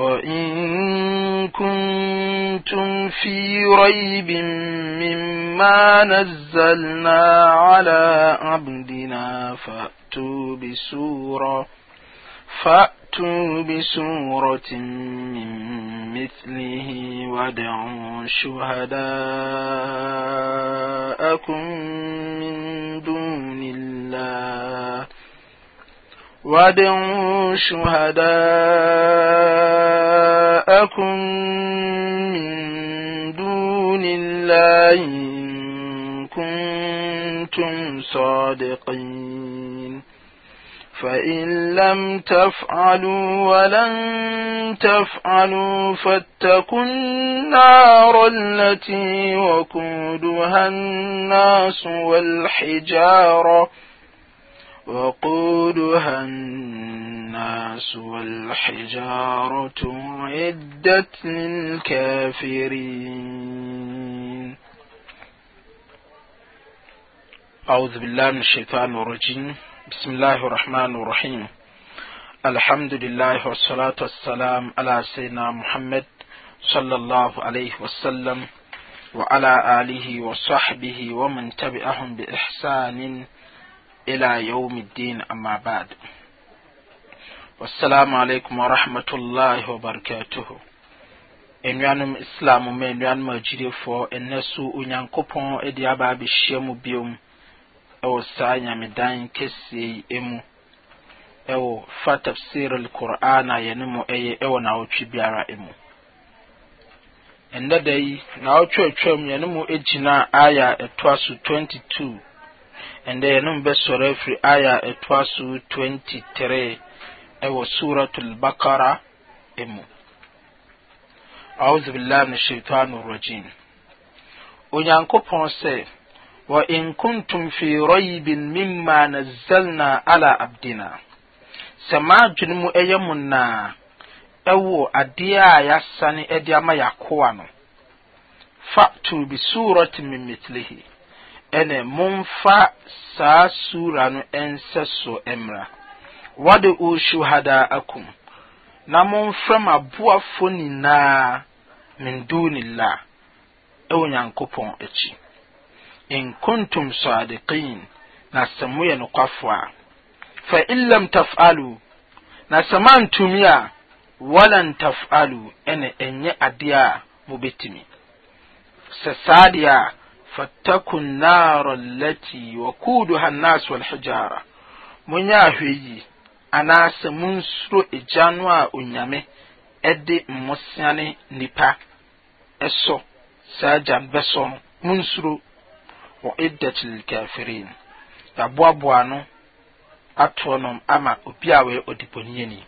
وإن كنتم في ريب مما نزلنا على عبدنا فأتوا بسورة فأتوا بسورة من مثله وادعوا شهداءكم وادعوا شهداءكم من دون الله إن كنتم صادقين فإن لم تفعلوا ولن تفعلوا فاتقوا النار التي وقودها الناس والحجاره وقودها الناس والحجارة عدت للكافرين أعوذ بالله من الشيطان الرجيم بسم الله الرحمن الرحيم الحمد لله والصلاة والسلام على سيدنا محمد صلى الله عليه وسلم وعلى آله وصحبه ومن تبعهم بإحسان إلى يوم الدين أما بعد والسلام عليكم ورحمة الله وبركاته nnuanom islam ma nnuanom agyirifoɔ ɛnɛ so onyankopɔn de aba abɛhyia mu biom ɛwɔ saa nyamedan kɛseɛ yi mu ɛwɔ fa tafsir alquran a yɛne mu ɛyɛ ɛwɔ naawɔtwe biara mu ɛnnɛ da yi naawɔtwe atwam yɛne mu gyina aya ɛtoa so 22 ɛndɛ yɛnom bɛsɔre afiri aya ɛtoa so 23 ɛwɔ suratul bakara emu أعوذ بالله من الشيطان الرجيم ونيانكوبون سي وإن كنتم في ريب مما نزلنا على عبدنا سما جنمو أيمنا أو أديا يساني أديا ما يقوانا فأتوا بسورة من مثله ɛnɛ momfa saa suura no ɛn sɛ so ɛmara wade o shuhadaakum na momfrɛ maboa fo nyinaa min dunilah ɛwo nyankopɔn acyi in kuntum saudekiin na sɛ moyɛ nokwa fo a fa ilam tafaluu na sɛmantumii a walam taf'aluu ɛnɛ ɛnnyɛ adeɛ a mo bɛtimi ssaadeɛa فاتقوا النار التي وقودها الناس والحجارة mun yɛ ahwɛyi anaasɛ munsuro egya no a onyame ɛde mmosia ne nipa ɛsɔ saa gya no bɛsɔ no munsuro wɔ iddatil kafirin yaboaboa no atoɔ nom ama obi a wɔyɛ ɔdebɔneyɛni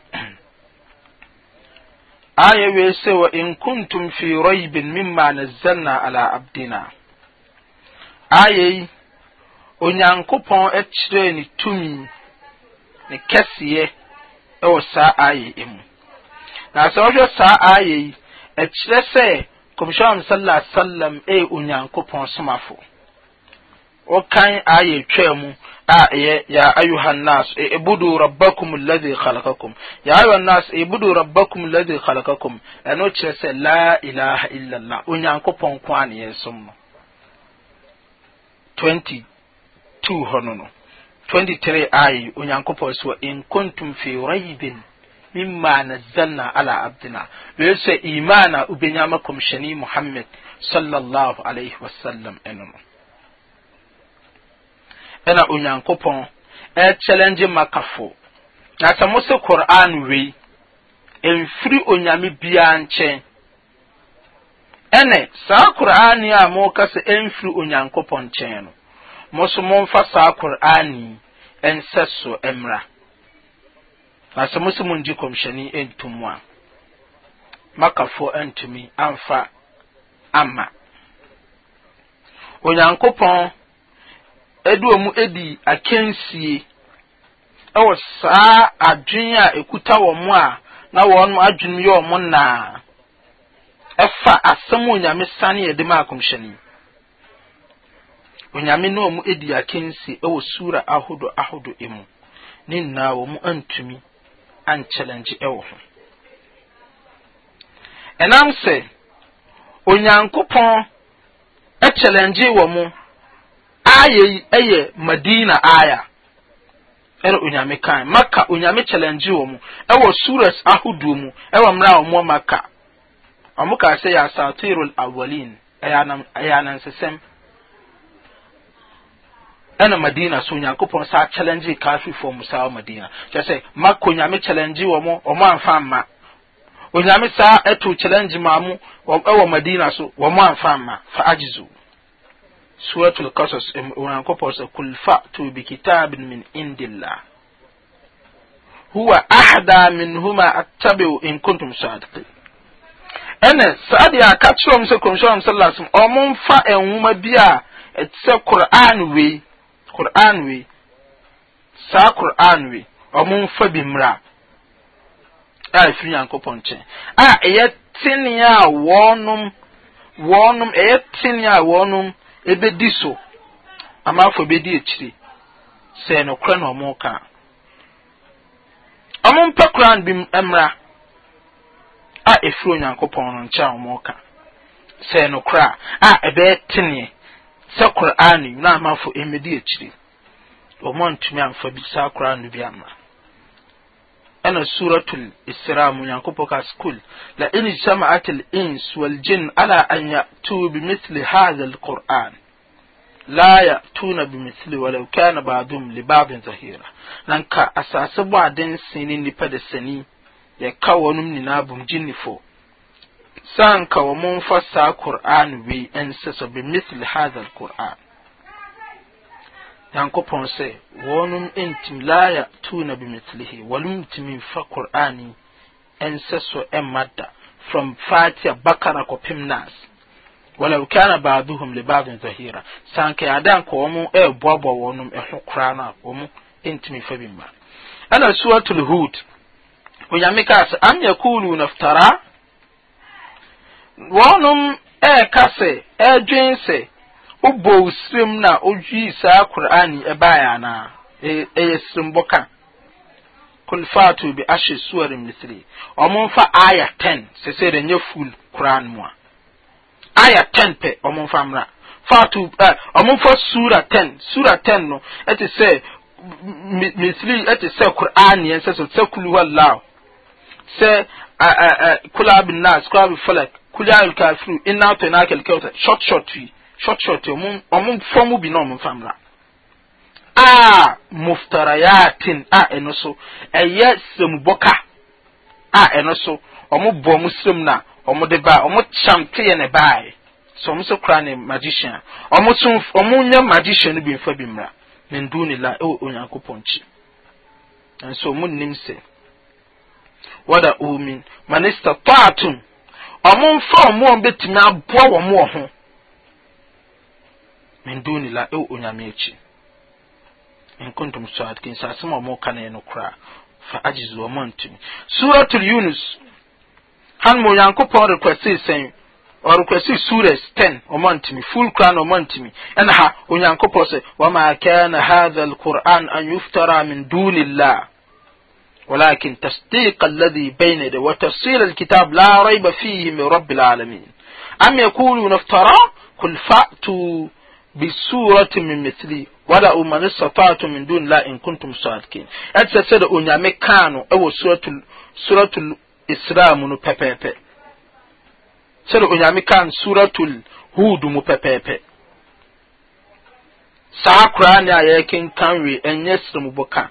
aya wei sɛ wɔ in kuntum fi raibin mimma nazzalna ala abdina Aye, yi onyankopɔn kyerɛɛ ne tumi ne kɛseɛ wɔ saa ayɛ mu na sɛ wɔhwɛ saa ayɛ yi ɛkyerɛ sɛ kɔmhyɛwam sala salam ɛyɛ onyankopɔn somafo wɔkan ayɛ twa mu a ɛyɛ ya ayuha nas ibudu rabbakum alladhi khalakakum, ya ayuha nas ibudu rabbakum alladhi khalaqakum ɛno kyerɛ sɛ la ilaha illallah onyankopɔn ko a ne no twenty two hɔ no no twenty three ayi onyankopɔn so nkontum fi raibin mimma nazzalna ala abdina wei sɛ imana ubenya ma muhammad sallallahu alaihi wasallam ɛno no ɛna onyankopɔn ɛkyɛlɛngye makafo na sɛ mo se qur'an wei ɛmfiri onyame biara nkyɛn ɛne saa qur'ani a mokasa ɛmfiri onyankopɔn nkyɛn no mo so momfa saa qur'ani ɛnsɛ so mmra na sɛ mo sɛ mongye kɔmhyɛne ɛntom a makafoɔ ɛntumi amfa ama onyankopɔn ɛde mu ɛdi akansie ɛwɔ saa adwene a ɛkuta wɔ mo a na wɔn adwene yɛ wɔn naa ɛfa asɛm onyame sane yɛde ma yi onyame na mu edi akensi ɛwɔ sura ahodo ahodo emu ne nyinaa mu antumi ankyɛlɛngye ɛwɔ ho ɛnam sɛ onyankopɔn ɛkyɛlɛngye wɔ mo aya yi ɛyɛ madina aya ɛna onyame kan maka onyame kyɛlɛngye wɔ mo ɛwɔ suras ahodoɔ mu ɛwɔ mmerɛ a wɔn maka ɔmo kaa sɛ yɛ asatirul awalin ɛyɛ anansesɛm ɛna madina so onyankopɔn saa challenge kafirfoɔ mu saa madina kyerɛ sɛ mako nyame challenge wɔ mo ɔmo amfa amma onyame saa ɛto challenge maa mu ɛwɔ madina so wɔmo amfa amma fa agizu suratul qasas onyankopɔn sɛ kul fa fa'tu bi kitabin min indillah huwa ahda minhuma attabi'u in kuntum sadiqin ɛnɛ saa deɛ aka kyerɛ sɛ kɔmhyɛn sallallahu alaihi ɔmo nwoma bi a ɛte sɛ wei koran wei saa koran wei ɔmo nfa bi a nkyɛn a ɛyɛ a wɔnom wɔnom ɛyɛ a wɔnom ebedi so amanfoɔ bedi akyire sɛ ɛnokora na ɔmo ka ɔmo bi a efiri onyankopɔn no nkyɛn a wɔka sɛ nokora a ɛbɛyɛ teneɛ sɛ kora a nenyina amafo emedi akyiri wɔn a ntumi amfa bi saa kora no bi ama ɛna sura tul isra mu onyankopɔn ka sukuul la in sama atil ins wal gin ala an ya tuu bi misli la ya tuu na kana ba dum zahira nanka asase bɔ aden nipa da sani yɛka wɔnom nyinaa bomgyinifo saa nka wɔ mo mfa saa qur'an wei ɛnsɛ sɛ bimithli hadha alquran nyankopɔn sɛ wɔnom ntim la yatuna bimithlihi wɔnom ntumi mfa qur'an yi ɛnsɛ so ɛmma da from fatia bakara kɔpem nas walau kana ba'dhum li ba'dhin zahira sanka yadan ko wɔn ɛɛboaboa wɔnom ɛho koraa no ko mu ntumi fa bimba ana suratul hud onyame kaa sɛ am yakuluna ftara wɔnom ɛɛka e sɛ e ɛɛdwen sɛ wobɔ sirim na wodwii saa qur'ani ɛbaeɛ e anaa ɛyɛ sirimbɔ ka kul fatu bi ashe suwarin misri ɔmomfa aya 10 sɛ sɛ ɛnyɛ ful quran mu a aya 10 pɛ ɔmomfa mmra fatu ɔmomfa sura 10 sura 10 no ɛte sɛ misri ɛte sɛ qur'ani ɛnsɛ sɛ sɛ kulu wallahu sɛ kula bin nas kula bin falak kula bin kafiru ina to ina kɛlɛ kɛwta short short yi short short yi ɔmo fɔmu bi na ɔmo famra a muftarayatin a ɛno so ɛyɛ e, sɛmubɔka a ɛno so ɔmo bɔ ɔmo sɛm na ɔmo de ba ɔmo kyam teyɛ ne baayɛ e. so ɔmo so kura ne magician ɔmo so ɔmo nyɛ magician no bi nfa bi mra ne ndu ne la ɛwɔ e, onyankopɔn kyi nso ɔmo nim sɛ. wada wada'u min man istata'tum ɔmomfa ɔmo a betumi aboa wɔ mo wɔ ho min duni la ɛwɔ e onyame akyi nkontom sadikin sɛ asɛm a ɔmoka no no koraa fa agyizu ɔmo ntumi suratul yunus hanma onyankopɔn rekwɛsee sɛn ɔrekwɛsee suras 10 ɔmo ntumi full kora na ɔmo ntumi ɛna ha onyankopɔn sɛ wama kana hadha alquran an yuftara min duni llah ولكن تصديق الذي بين يدي وتفصيل الكتاب لا ريب فيه من رب العالمين أم يقولون افترى قل فأتوا بسورة من مثلي ولا من استطعتم من دون لا إن كنتم صادقين أتسا سيدة أنيا مكانو أو سورة سورة الإسلام نوبيبيبي سيدة أنيا مكان سورة الهود مبيبيبي saa koraa ne a yɛrekenkan wee ɛnyɛ srɛ mu bɔka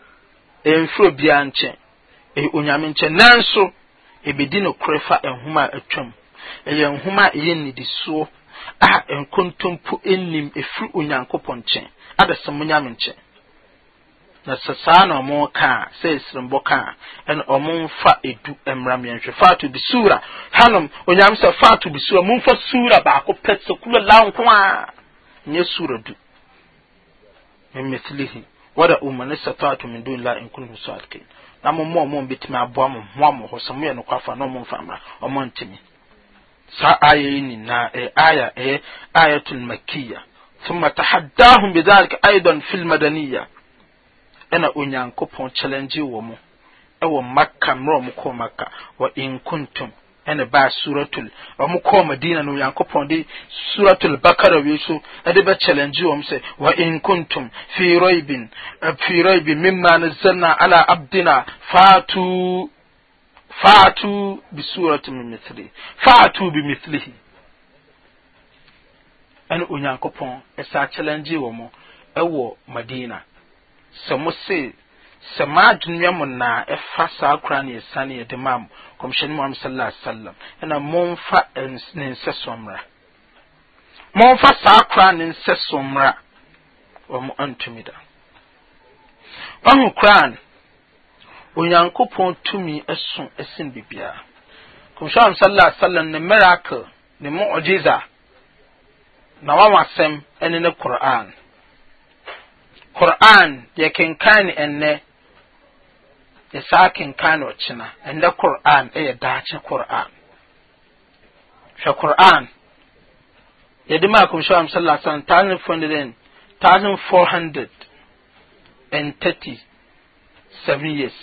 ɛmfiri obiaa nkyɛn ɛyɛ onyame nkyɛn nanso ebedi no korɛ fa nhoma a atwam ɛyɛ nhoma a ɛyɛ nidisoɔ a nkontompo anim efiri onyankopɔn nkyɛn adasɛm onyame nkyɛn na sɛ na ɔmo ka sɛ esirimbɔ ka ɛna ɔmo nfa edu mmra mmiɛnhwɛ faatu bi suura hanom onyame sɛ faatu bi suura mo nfa suura baako pɛ sekula lanko a nyɛ suura du mɛmɛtilihi wada umma ne sɛ faatu min dun la nkunu musaadkin na mo mmoa mo mbɛtumi aboa mo mmoa mo hɔ sɛ moyɛ nokwafa na ɔmo mfama ɔmo ntumi saa aya yi nyinaa ɛyɛ aya ɛyɛ ayatul makiya ثم تحداهم بذلك أيضا في المدنية أنا أنيانكو بون تشالنجي ومو أو مكة مرو مكو مكة وإن كنتم ɛna ba suratul ɔmo kɔɔ madina no onyankopɔn de suratul bakara wei so ɛde bɛ challenge wɔm sɛ wa in kuntum fi raibin fi raibin mimma nazzalna ala abdina faatu, faatu bi suratin min mithli faatu bi mithlihi ɛna onyankopɔn ɛsa challenge wɔ mo ɛwɔ madina sɛ mo se sɛ maadwenua mu na ɛfa saa kora ne yɛsa ne yɛde ma mu kɔmhyɛne muhammad sallallahu alaihi wasallam ɛna momfa ne nsɛ so mmra momfa saa kora ne nsɛ so wɔn antumi da ɔho koraa no onyankopɔn tumi ɛso ɛsen biribiara kɔmhyɛne sallallahu alaihi wasallam ne miracle ne mu'jiza na wɔn asɛm ɛne ne koran koran yɛ kenkan ne ɛnnɛ yɛsaa kenkan na ɔkyena ɛnɛ qur'an ɛyɛ eh, daakye qur'an hwɛ qur'an yɛde maa kɔmhyɛ am sala sala thousand four hundred and thousand four hundred and thirty seven years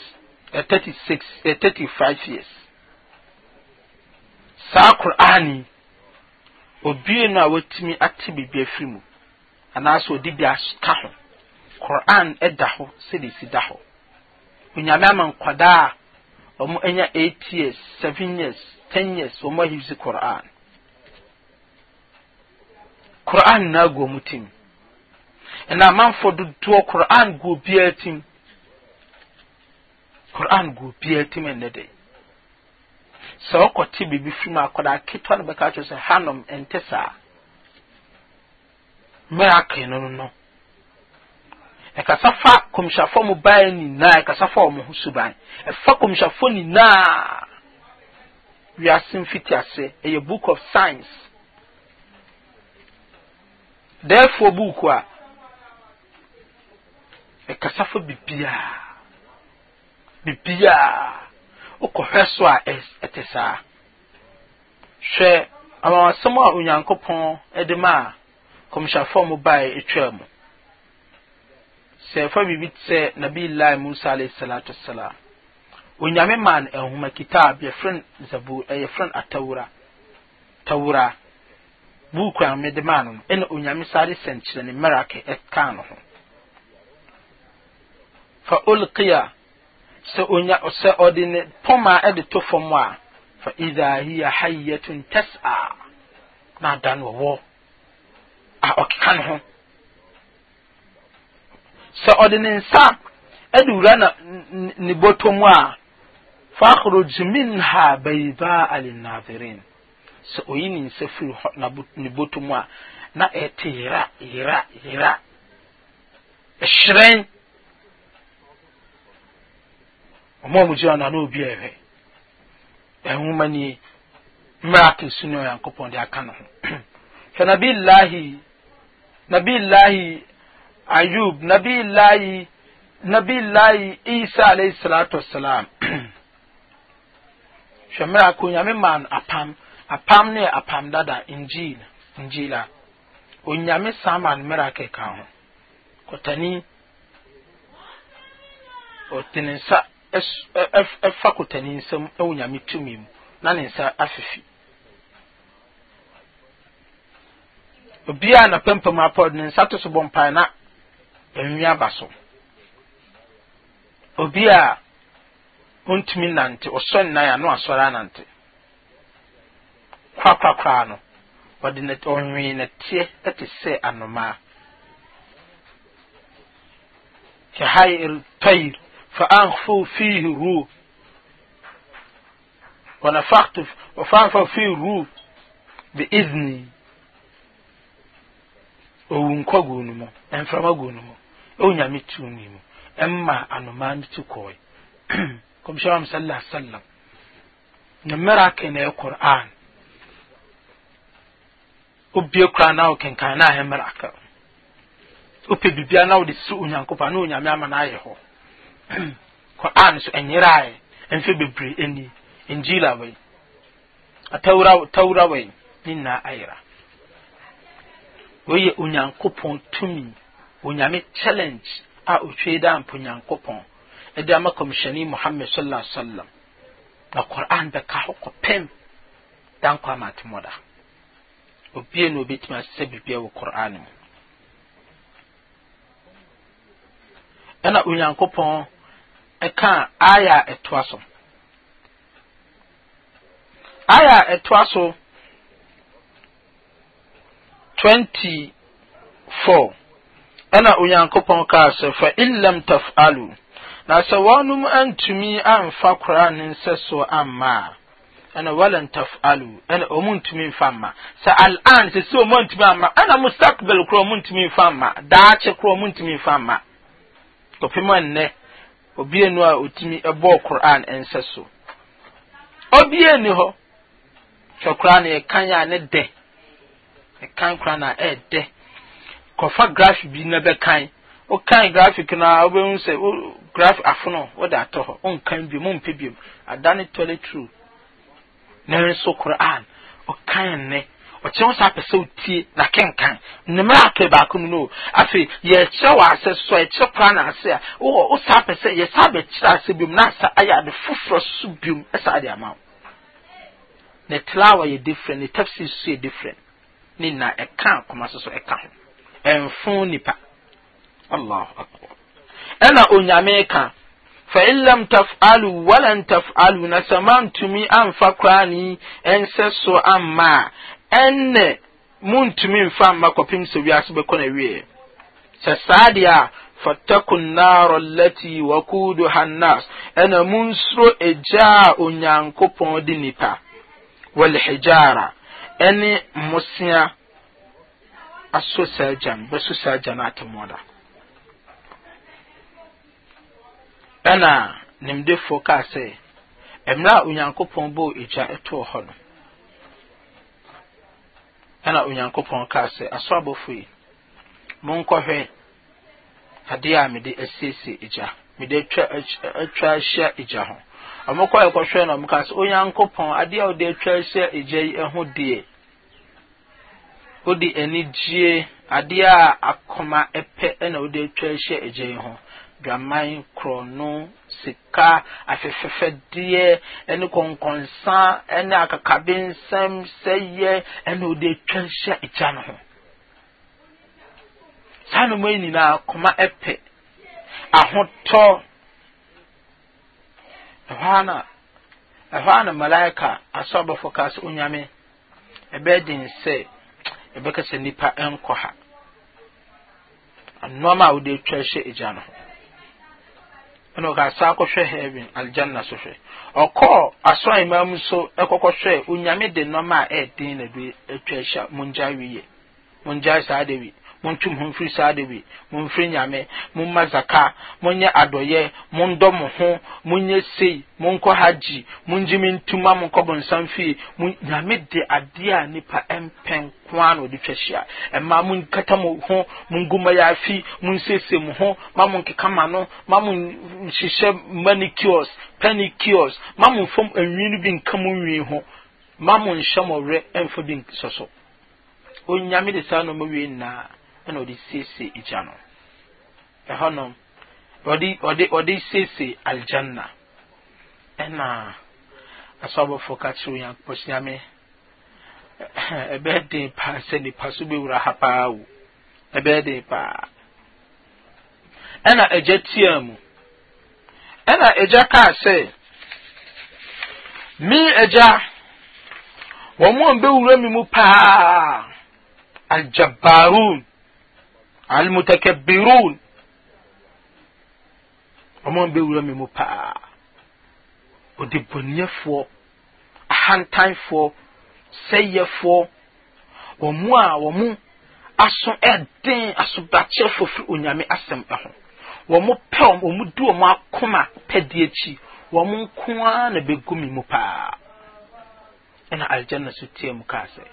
ɛ eh, thirty six ɛ eh, thirty five years saa qur'an yi obie no a watumi ate biribi afiri mu anaasɛ ɔde bi aka ho qur'an ɛda hɔ sɛdeɛ si da hɔ onyame ama nkwadaa a wɔn anya eight years seven years ten years wɔn ahibisi koran koran na agu wɔn tim ɛna amanfoɔ dodoɔ koran gu obiara tim koran gu obiara tim ɛnɛ de sɛ ɔkɔte biribi firi mu akwadaa ketewa no bɛka kyerɛ sɛ hanom ɛnte saa mmerɛ akɛn no no no ɛkasa fa kɔmhyafo mu ban nyinaa ɛkasa fa wɔn ho suban ɛfa kɔmhyafo nyinaa wiase mfiti ase ɛyɛ book of science dɛɛfoɔ buuku a ɛkasa fa bibiaa bibiaa wokɔhwɛ so a ɛte saa hwɛ amamasɛm a onyankopɔn ɛde ma a kɔmhyafo mu bae ɛtwaa mu sɛ ɛfa biribi sɛ nabiillahi musa alayhi salatu wassalam onyame maa no ahoma kitaab yɛfrɛ no zabur ɛyɛfrɛ no atawura tawura buuku a mede maa no no ɛna onyame saa de sɛnkyerɛ ne mmerake ɛkaa no ho fa ulqiya sɛ onya sɛ ɔde ne pɔma ɛde to fam a fa idha hiya hayyatun tas'a na dan wɔ a ɔkeka ne ho sɛ ɔde ne nsa ɛde wura na ne bɔtɔ mu a ha fakhruj minha bayda alinadirin sɛ oyi ne nsa firi hɔ ne bɔtɔ mu a na ɛte yira yira yira. ɛhyerɛn ɔmo a mo gyina na obi ɛhwɛ ɛnwoma nie mmerɛ sunu ɔyankopɔn de aka ne ho hwɛ nabi lahi nabi lahi ayub nabi layi nabi layi isa alayhi salatu wasalam hwɛmmerɛ a konyame maa no apam apam ne yɛ apam dada injil injila onyame san maa no mmerɛ akeka ho kɔtani ɔde ne nsa ɛfa e, e, kɔtani nsam ɛwɔ nyame tumi mu na ne nsa afefi obiara na pampam apɔ de ne nsa to so bɔ mpae na enwi aba so obi a ontumi nante ɔsɔ nnan ano asɔre anante kwakwakwaa no ɔde ne ɔnwee nɛteɛ ɛte sɛ anomaa كحير طير فأنخفوا فيه روح ونفخت وفانفوا فيه روح بإذني owunkɔ gu ne mu mframa gu ne mu onyame tumi mu ɛmma anomaa no ti kɔɛ kɔmhyɛ wam sala salam ne mmerɛ ake na ɛ quran obie kora na wokenkan na ahɛ mmerɛ aka wopɛ biribia na wode si onyankopɔn na onyame ama no ayɛ hɔ quran so ɛnyeraeɛ ɛmfɛ bebree ɛni injila wei atawura tawura wei ne nyinaa ayera wɔyɛ onyankopɔn tumi onyame challenge a otwei da ampo nyankopɔn ɛde ama kɔmhyɛne muhammad sallallahu alaihi na quran bɛka ho kɔpem dan kɔ ama atemɔda obie na obetumi asɛ biribia wɔ quran mu ɛna onyankopɔn ɛka aya a ɛtoa so aya a ɛtoa so 24 ɛna onyankopɔn kaa sɛ fa illam taf'alu na sɛ wɔnom antumi amfa koraa ne so amma a ɛna walan taf'alu ɛna ɔmo ntumi mfa mma sɛ al'an sɛ sɛ ɔmo antumi amma ɛna mustakbal koraa ɔmo ntumi mfa mma daakye koraa ɔmo ntumi mfa mma kɔpem nnɛ obienu a otumi ɛbɔɔ koraa nsɛso obienu hɔ twɛ koraa na yɛkan a ne dɛ ɛkan koraa na ɛɛdɛ kɔfa graphic bi na bɛkan wokan graphic na wobɛhu sɛ graphic afono wode atɔ hɔ wonkan biom wompɛ biom adane toilet true nanso quran ɔkan nnɛ ɔkyerɛ wo sɛ apɛ sɛ wotie na kenkan mmerɛ atɔ baako mu no afei yɛkyerɛ wɔ asɛ so a yɛkyerɛ koraa na ase a wowɔ wo saa pɛ sɛ yɛsa bɛkyerɛ asɛ biom na asa ayɛ ade foforɔ so biom ɛsa ade ama wo ne tilawa yɛ different ne tafsir so yɛ different ne na ɛka akoma so ɛka ho ɛnfo nipa allahu akbar ɛna onyame ka fa in lam taf'alu walan taf'alu na sɛ mantumi amfa koraa ɛnsɛ so amma a ɛnnɛ muntumi mfa amma kɔpem sɛ wiase bɛkɔ na wie sɛ saa deɛ a fattaku nnaro allati wakuduha nnas ɛna munsuro egya a onyankopɔn de nipa walhijara ɛne mmosea aso saa gya no bɛsɔ saa gya no atemmɔda ɛna nimdefoɔ kaa sɛ mmerɛ a onyankopɔn bɔɔ egya ɛtɔɔ hɔ no ɛna onyankopɔn kaa sɛ asɔ abɔfo yi monkɔhwɛ adeɛ a mede asiesie egya mede atwa atwa ahyia egya ho ɔmokɔɛ kɔhwɛ na ɔmo kaa sɛ onyankopɔn ade a wode atwa ahyia egya yi ɛho deɛ wode anigye adeɛ a akoma ɛpɛ ɛna wode atwa ahyɛ agya yi ho dwaman korɔno sika afɛfɛfɛdeɛ ɛne kɔnkɔnsa ɛne akakabensɛm sɛyɛ ɛna wode atwa ahyɛ agya no ho saa noma yi nyinaa akoma ɛpɛ ahotɔ ɛhɔ a na ɛhɔ na malaika asɔ abɔfo kaa sɛ onyame ɛbɛɛ den ɛbɛka sɛ nipa nkɔ ha nneɛma a wɔde atwa hyɛ egya no ho ɛna ɔka asa akɔhwɛ heaven aljanna so hwɛ ɔkɔɔ asɔn mmaa mu nso ɛkɔkɔ hwɛ onyame de nneɛma a ɛɛden na ɛde atwa hyɛ mongya wie mongya saa de wie montwe mo ho mfiri saa de wi momfiri nyame momma zaka monyɛ adɔyɛ mondɔ mo ho monyɛ sei monkɔ hagye mongye me ntuma monkɔ bɔnsam fie nyame de adeɛ a nipa ɛmpɛn koa na ɔde twa hyia ɛma monkata mo ho mongu ma yɛafi monsiesie mo ho ma monkeka ma no ma monhyehyɛ manicures panicures ma momfam anwi no bi nka mo nwi ho ma monhyɛ mɔwerɛ ɛmfa bi nsɔsɔ onyame de saa nɔma wei naa ɛna ɔde siesie egya no ɛhɔnom ɔde ɔde ɔde siesie aljanna ɛna asɔbɔfo kakyere yan kpɔsiame ɛbɛyɛ den paa sɛ nipa so bɛwura ha paa o ɛbɛyɛ den paa ɛna egya tia mu ɛna egya kaa sɛ mi egya wɔn a bɛwura mi mu paa aljabarun almutakabirun ɔmo bɛwura mi mu paa ɔde bɔnneɛfoɔ ahantanfoɔ sɛyɛfoɔ wɔn a wɔn aso ɛden asobakyɛfoɔ firi onyame asɛm ɛho wɔn pɛ wɔn di wɔn akoma pɛdeɛ akyi wɔn nko ara na bɛgu mi mu paa ɛna aljanna so tie mu kaa sɛ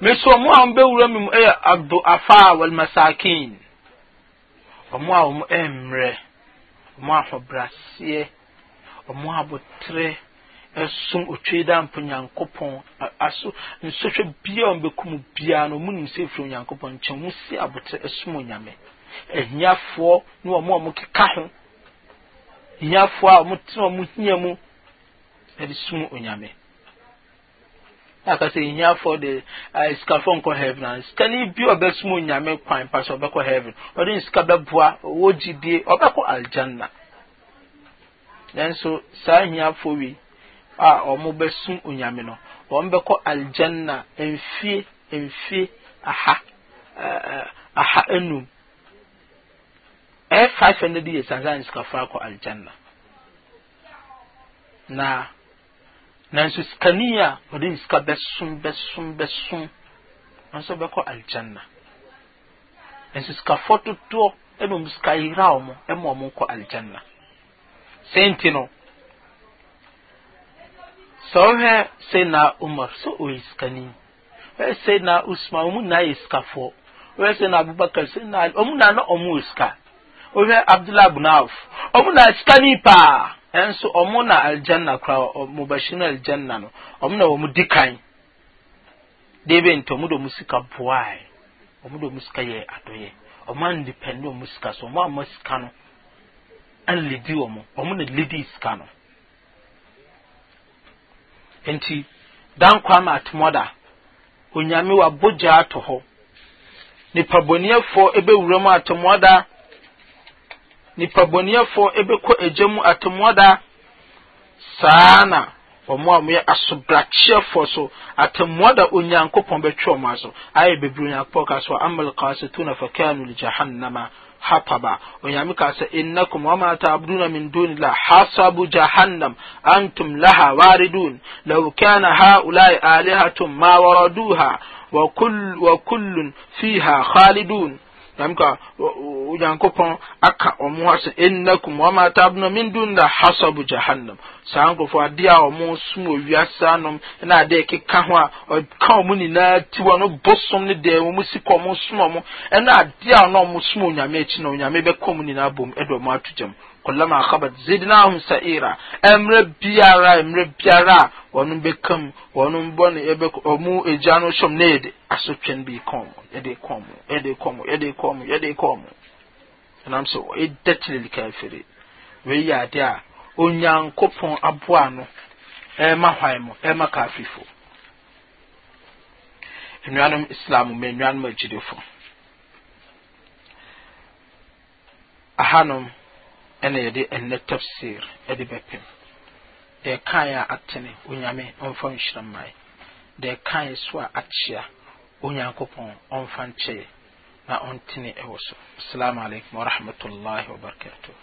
mesɛ ɔmo a ɔmbɛwura mu ɛyɛ abduafa walmasakin ɔmo a ɔmo ɛmmerɛ ɔmo ahobraseɛ ɔmo abotrɛ ɛsom otwei da mpo nyankopɔn aso nsɔhwɛ bia ɔmo bɛkum biara no ɔmo nim sɛ efiri nyankopɔn nkyɛn ɔmo si abotrɛ ɛsom onyame ɛhiafoɔ ne ɔmo a ɔmo keka ho hiafoɔ a ɔmo tena ɔmo hia mu ɛde som onyame aka sɛ ɛhiafoɔ de sikafoɔ nkɔ heaven a sika no bi ɔbɛsom onyame kwan pa sɛ ɔbɛkɔ heaven ɔde ne sika bɛboa ɔwɔ gyidie ɔbɛkɔ aljanna nanso saa ahiafoɔ wei a ɔmo bɛsom onyame no wɔn bɛkɔ aljanna mfie mfie aha eh, aha enum ɛyɛ eh, five hundred years ansa ne sikafoɔ akɔ aljanna na nanso sikani a wɔde ne sika bɛsom bɛsom bɛsom nanso bɛkɔ aljanna nanso sikafo dodoɔ ɛna ɔmo sika yera ɔmo ɛma ɔmo kɔ alijanna. sɛnti no sɛ ɔhwɛ sɛ na umar sɛ ɔyɛ sikani ɔyɛ sɛ na usman ɔmo na yɛ sikafoɔ ɔyɛ sɛ na abubakar sɛ na ɔmo na na ɔmo yɛ sika ɔhwɛ abdullahi abunaaf ɔmo na sikani paa. ɛnso ɔmo na aljanna kora ɔmo bɛhyɛ no aljanna no ɔmo na ɔmo di kan deebe nti ɔmo de ɔmo sika boae ɔmo de ɔmo sika yɛ adɔyɛ ɔmo andepɛnde ɔmo sika so ɔmo ama sika no anlidi ɔmo ɔmo na lidi sika no nti dan kwa ma atemɔda onyame wabɔ gyaa to hɔ nipa bɔniɛfoɔ ebɛwura mu atemɔda. nipa bɔniɛfoɔ ebɛkɔ egya mu atemɔda saa na wɔn a wɔyɛ asobrakyeɛfoɔ so atemɔda onyankopɔn bɛtwe wɔn aso ayɛ bebree onyankopɔn ka so amal qasituna fakanu lijahannama hataba onyame ka sɛ innakum wama ta'buduna min dunillah hasabu jahannam antum laha waridun law kana haula'i alihatum ma waraduha wa kull wa kullun fiha khalidun nam ka onyankopɔn aka ɔmo ase ennakum wɔn atabno min dun na hasabu jahannam saa nkurɔfoɔ adeɛ a ɔmo sum owiase anom na adi keka ho a ɔka ɔmo nyinaa ti hɔ no bosom ne deɛ ɔmo si kɔ ɔmo sum ɔmo ɛna adeɛ a ɔno ɔmo sum onyame akyi na onyame bɛkɔ ɔmo nyinaa bom ɛde ɔmo ato gyam kɔlama akabat zidinahum sa'ira ɛmmerɛ biara ɛmmerɛ biara wɔn bɛkam wɔn bɔne ɛbɛkɔ ɔmo egya no hyɛm na de aso no bi kɔn mo yɛde kɔn mo yɛde kɔn mo yɛde kɔn mo yɛde kɔn mo ɛnam sɛ ɛdɛtili lika afiri wei yɛ adeɛ a onyankopɔn aboa no ɛɛma hwan mo ɛɛma kaafifo nnuanom islam mɛ nnuanom agyilefo ahanom ɛna yɛde ɛnɛ tafsir ɛde bɛpem deɛ kaeɛ a atene onyame ɔmfa nhyira mmae deɛ kaeɛ so a akyea onyankopɔn ɔmfa nkyɛe na ɔntene ɛwɔ so assalamu alaikum warahmatullahi wabarakatuh